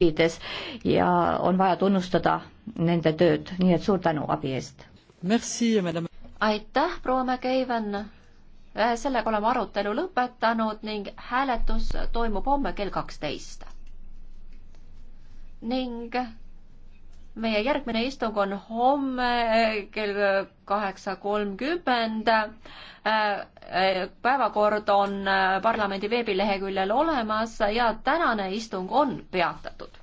riikides ja on vaja tunnustada nende tööd, nii et suur tänu abi eest. aitäh, proua McEven. Äh, sellega oleme arutelu lõpetanud ning hääletus toimub homme kell kaksteist. ning meie järgmine istung on homme eh, kell kaheksa kolmkümmend. Eh, eh, päevakord on parlamendi veebileheküljel olemas ja tänane istung on peatatud.